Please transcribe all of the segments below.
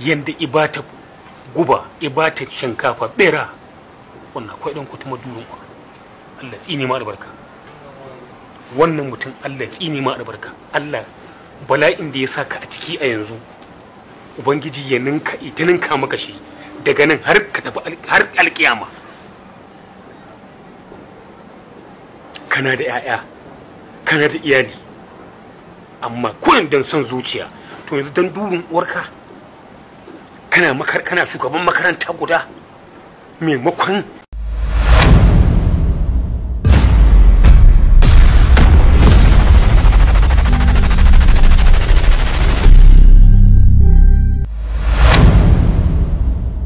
yanda ibata guba ibata shinkafa bera wannan akwai ɗan kutuma durin ku Allah tsini ma albarka wannan mutum Allah tsini ma albarka Allah bala'in da ya saka a ciki a yanzu ubangiji ya ninka ita ninka maka shi daga nan har ka tafi har alkiyama kana da 'ya'ya kana da iyali amma kullum don son zuciya to yanzu don durin uwarka kana shugaban makaranta guda maimakon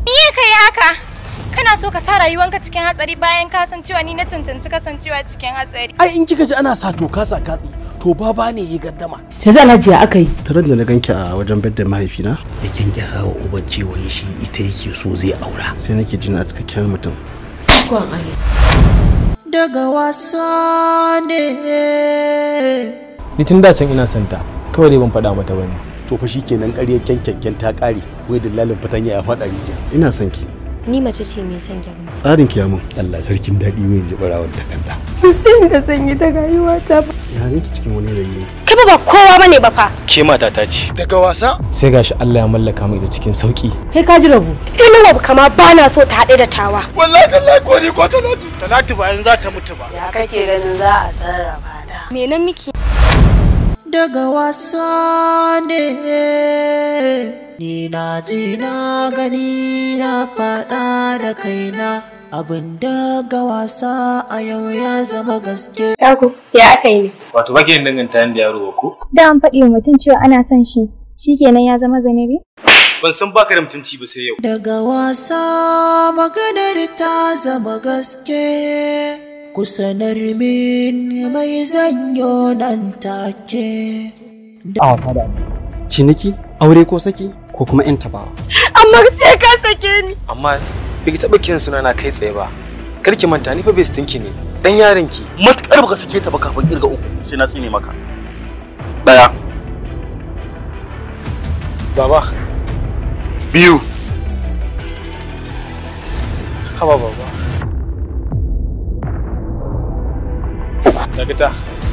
Me ka haka? kana so ka sa rayuwanka cikin hatsari bayan ka san cewa ni na cancanci kasancewa cikin hatsari ai in kika ji ana sa ka sa katsi to baba ne ya gaddama yanzu alhaji ya aka yi taron da na ganki a wajen bedda mahaifina ya kyankyasa wa uban cewa shi ita yake so zai aura sai nake jin a cikakken mutum daga wasa ne ni tun da can ina santa kawai dai ban faɗa mata bane to fa shikenan ƙaryar kyankyanken ta ƙare wai dillalin fatanya ya faɗa rijiya ina son ki ni mace ce mai son girma tsarin kiyamun Allah sarkin daɗi wai ji barawar ta kanta sai da sanyi yi ta rayuwa ta ba ya ne cikin wani rayu kai ba kowa bane ba fa ke mata ta ce daga wasa sai gashi Allah ya mallaka mu da cikin sauki kai ka ji rabu ina wa kama ba na so ta haɗe da tawa wallahi tallahi ko ni ko talatu talatu ba in za ta mutu ba ya kake ganin za a sarrafa ta me nan miki daga wasa ne Ni na ji na gani na faɗa da kaina abin da ga wasa a yau ya zama gaske. Yaku, ya aka yi ne? Wato ba ke danganta da yaro ba ko? Da an faɗi wa mutum cewa ana son shi, shi kenan ya zama zanibi? Ban san ka da mutunci ba sai yau. Daga wasa maganar ta zama gaske. Kusanar min mai zanyo nan take. A wasa da ciniki aure ko saki ko kuma yan tabawa amma sai ka sake ni amma bai taba kiran suna na kai tsaye ba kar ki manta ni fa bai stinki ne dan yaron ki matukar baka sake ta ba kafin kirga uku sai na tsine maka daya baba biyu haba baba uku dakata